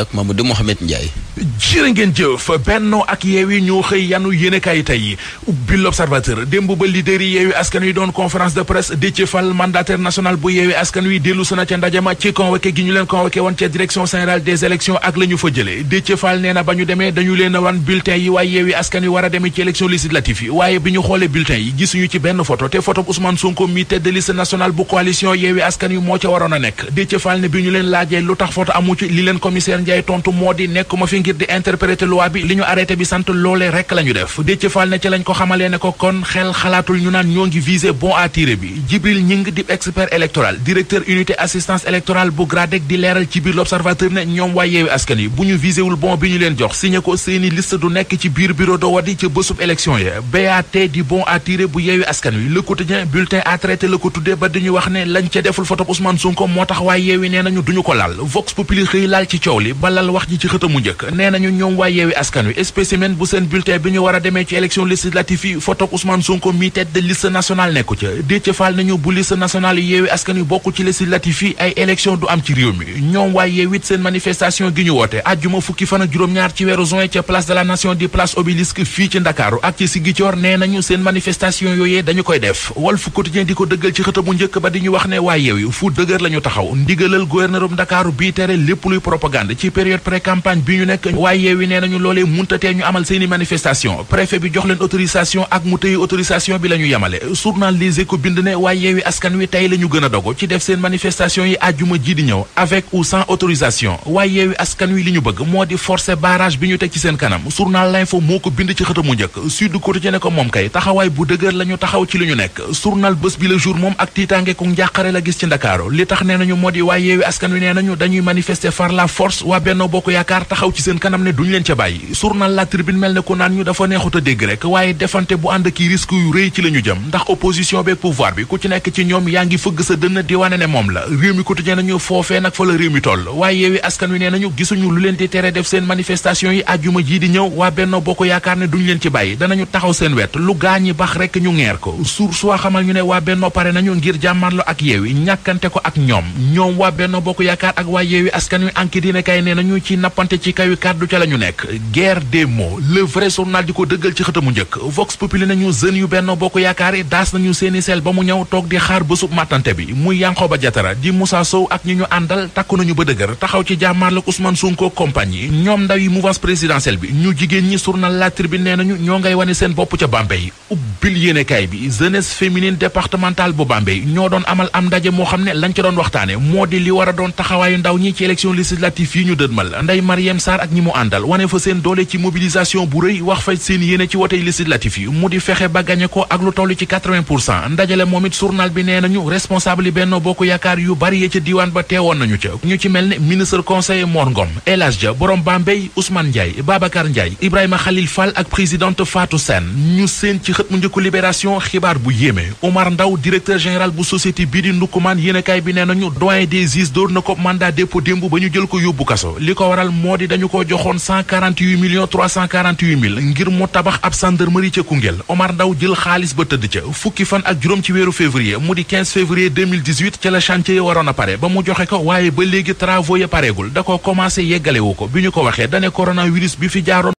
ak Mamadou Mouhamed Ndiaye. jërë ak Yewwi ñoo xëy yanu yéenekaay tey ubbi L'Observateur démb ba leader yi Askan Wi doon conférence de presse Déthié Fall mandataire national bu Yewwi Askan Wi dellu sana ca ndajama ci convoqué gi ñu leen convoqué woon ca direction générale des élections ak la fa jëlee Déthié Fall nee ba ñu demee dañu leen wan bulletin yi waaye Yewwi Askan Wi war demee ci élection législative yi waaye bi ñu xoolee bulletin yi gisuñu ci benn photo te Ndiaye tontu moo di nekkuma fi ngir di interpréter loi bi li ñu arrêté bi sant loolee rek la ñu def Déthié Fall ne ci ne ko kon xel xalaatul ñu naan ñoo ngi viser bon à tirer bi Djibril Gning di expert électoral directeur unité assistance électorale bu GRADEC di leeral ci biir l'observateur ne ñoom waa yeewi askan yi bu ñu visé wul bon bi ñu leen jox signé ko seeni liste du nekk ci biir bureau de vote yi ca bésub élection ya BAT di bon à bu yeewi askan wi le quotidien bulletin à traiter la ko tuddee ba dañuy wax ne lañ ca deful photo Ousmane Sonko moo tax waa yeewi nee nañu duñu ko laal Vox Populi xëy laal ci coow li balal wax ji ci xëtamu njëkk nee nañu ñoom waa yeewi askan wi spécimen bu seen bulletin bi ñu war a demee ci élection législative yi photo Ousmane Sonko mi tête de liste nationale nekku ca Déthié Fall nañu bu yi bokk ci législative ay élection du am ci réew mi ñoom waa yeewit seen manifestation gi ñu woote ajjuma fukki fan ak juróom-ñaar ci weeru juin ca place de la nation di place obélisque fii ci Ndakaaru ak ci Sigicoor nee nañu seen manifestation yooyee dañu koy def Walf Quotidien di ko dëggal ci xëtamu njëkk ba di ñu wax ne waa yeewi fu dëgër la ñu taxaw ndigalal gouverneur bu Ndakaaru bii tere lépp ci période pré campagne bi ñu nekk waaye yeewi nee nañu loolee muntatee ñu amal seeni manifestation préfet bi jox leen autorisation ak mu tëye autorisation bi la ñu yemale journal Les bind ne waaye yeewi askan wi tey la ñu a dogu ci def seen manifestation yi àjjuma ji di ñëw avec ou sans autorisation waaye yeewi askan wi li bëgg moo di forcer barrage bi ñu teg ci seen kanam journal L'Info moo ko bind ci xëtamu njëkk Sud Quotidien ne la ñu moom ak tiitaange waa Benno Bokk Yaakaar taxaw ci seen kanam ne duñ leen ca bàyyi journal La Tribune mel ne ko naan ñu dafa neexut a dégg rek waaye defante bu ànd ak risque yu rëy ci la ñu jëm ndax opposition beeg pouvoir bi ku ci nekk ci ñoom yaa ngi fëgg sa dënn di wane ne moom la réew mi quotidien nañu foofee nag fa la réew mi toll waaye yeewi askan wi nee nañu gisuñu lu leen di tere def seen manifestation yi àjjuma jii di ñëw waa Benno Bokk Yaakaar ne duñ leen lu gaañi bax ko sursoi xamal ñu ne waa Benno pare nañu ngir jàmmarlo ak yeewi ñàkkante ko ak ñoom ñoom waa Benno Bokk Yaakaar ak waa yeewi askan wi enquête yi ne kay nee nañu ci nappante ci kaw kàddu ca la ñu nekk guerre des mots le vrai journal di ko dëggal ci xëtamu njëkk Vox Populi nañu jeunes yu benn bokk yaakaar daas nañu seeni sel ba mu ñëw toog di xaar bésub màttante bi muy Yankhoba Diattara di Moussa Sow ak ñi ñu àndal takku nañu ba dëgër taxaw ci jàmmaarlak Ousmane Sonko compagnie ñoom ndaw yi mouvance présidentielle bi ñu jigéen ñi journal La Tribune nee nañu ñoo ngay wane seen bopp ca Bambey ubbil yéenekaay bi jeunesse doon amal am xam ne lañ ca doon waxtaane moo di li war a doon ñu dëdmal Ndeye ak ñi mu àndal wane fa seen doole ci mobilisation bu rëy wax faj seen yéene ci wotey législatif yi mu di fexe ba ko ak lu toll ci ndajale moom it journal bi nee nañu responsable yi Bokk Yaakaar yu bari ya ca diiwaan ba teewoon nañu ca ñu ci mel ne ministre conseiller Mor Ngom borom Bambey Ousmane Ndiaye Babacar Ndiaye Ibrahima Khalil Fall ak présidente Fatou Sène ñu seen ci xët njëkku libération xibaar bu yéeme Omar Ndaw kaso li ko waral moo di dañu ko joxoon 148 millions 348 mille ngir mu tabax ab gendarmerie ca Koungheul Omar Ndaw jël xaalis ba tëdd ca fukki fan ak juróom ci weeru février mu di 15 février 2018 ci la chantier yi waroon a pare ba mu joxe ko waaye ba léegi travaux pareegul da ko commencé yeggalewu ko bi ñu ko waxee dane coronavirus bi fi jaaroon